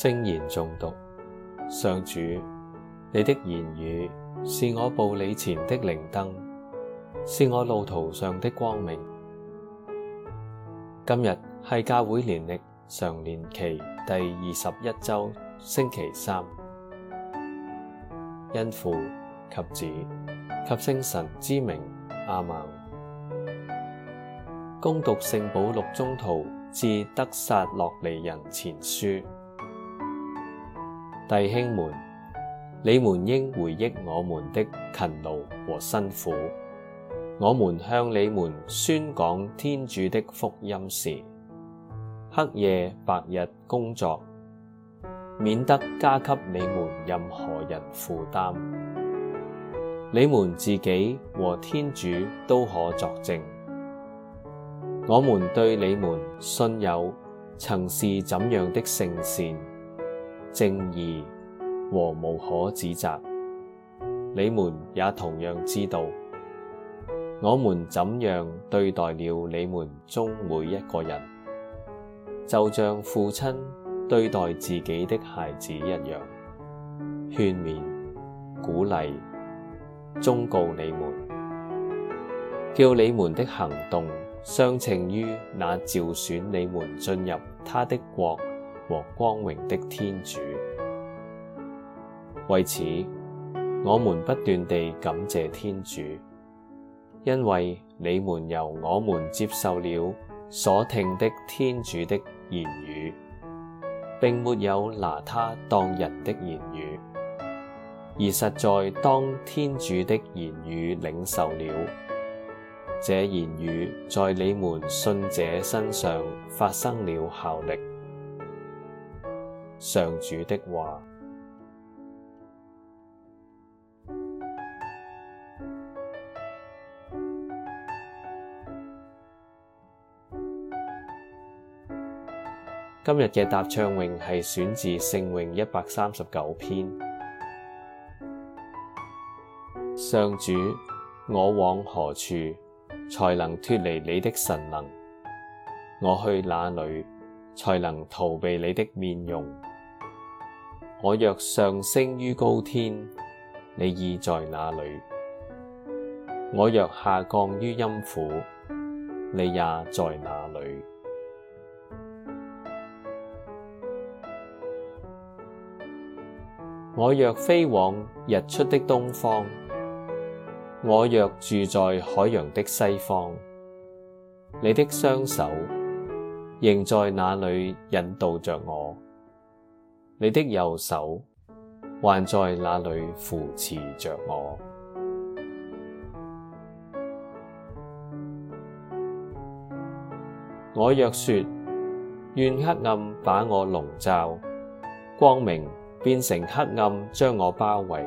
聖言誦讀，上主，你的言語是我步履前的靈燈，是我路途上的光明。今日係教會年曆常年期第二十一周星期三，因父及子及聖神之名阿孟，恭讀聖保祿宗徒致得撒洛尼人前書。弟兄們，你們應回憶我們的勤勞和辛苦。我們向你們宣講天主的福音時，黑夜白日工作，免得加給你們任何人負擔。你們自己和天主都可作證，我們對你們信友曾是怎樣的聖善。正義和無可指摘，你們也同樣知道，我們怎樣對待了你們中每一個人，就像父親對待自己的孩子一樣，勸勉、鼓勵、忠告你們，叫你們的行動相稱於那召選你們進入他的國。和光榮的天主，為此我們不斷地感謝天主，因為你們由我們接受了所聽的天主的言語，並沒有拿他當人的言語，而實在當天主的言語領受了，這言語在你們信者身上發生了效力。上主的話，今日嘅答唱詠係選自聖詠一百三十九篇。上主，我往何處，才能脫離你的神能？我去哪裏，才能逃避你的面容？我若上升於高天，你已在哪裏，我若下降於陰府，你也在哪裏。我若飛往日出的東方，我若住在海洋的西方，你的雙手仍在那裏引導着我。你的右手還在那裏扶持着我。我若說：願黑暗把我籠罩，光明變成黑暗將我包圍；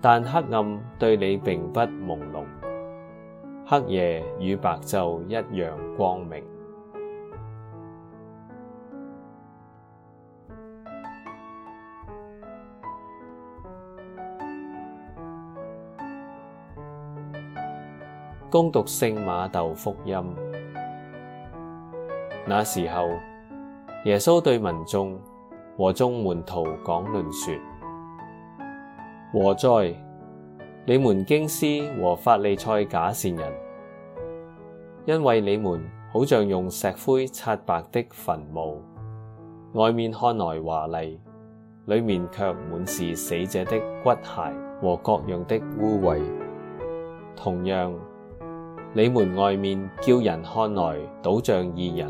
但黑暗對你並不朦朧，黑夜與白晝一樣光明。恭讀聖瑪竇福音，那時候耶穌對民眾和眾門徒講論說：「禍哉，你們經師和法利賽假善人因為你們好像用石灰刷白的墳墓外面看來華麗，裏面卻滿是死者的骨骸和各樣的污穢。同樣，你們外面叫人看來倒像義人，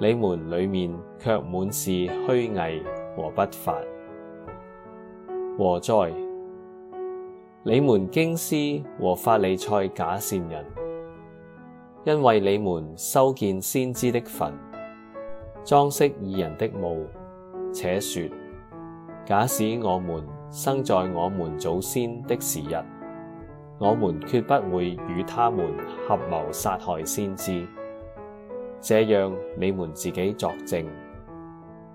你們裏面卻滿是虛偽和不法。禍哉！你們經師和法利塞假善人，因為你們修建先知的墳，裝飾義人的墓，且說：假使我們生在我們祖先的時日。我們決不會與他們合謀殺害先知，這樣你們自己作證，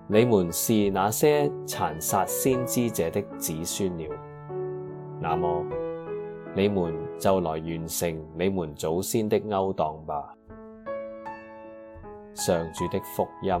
你們是那些殘殺先知者的子孫了。那麼，你們就來完成你們祖先的勾當吧。上主的福音。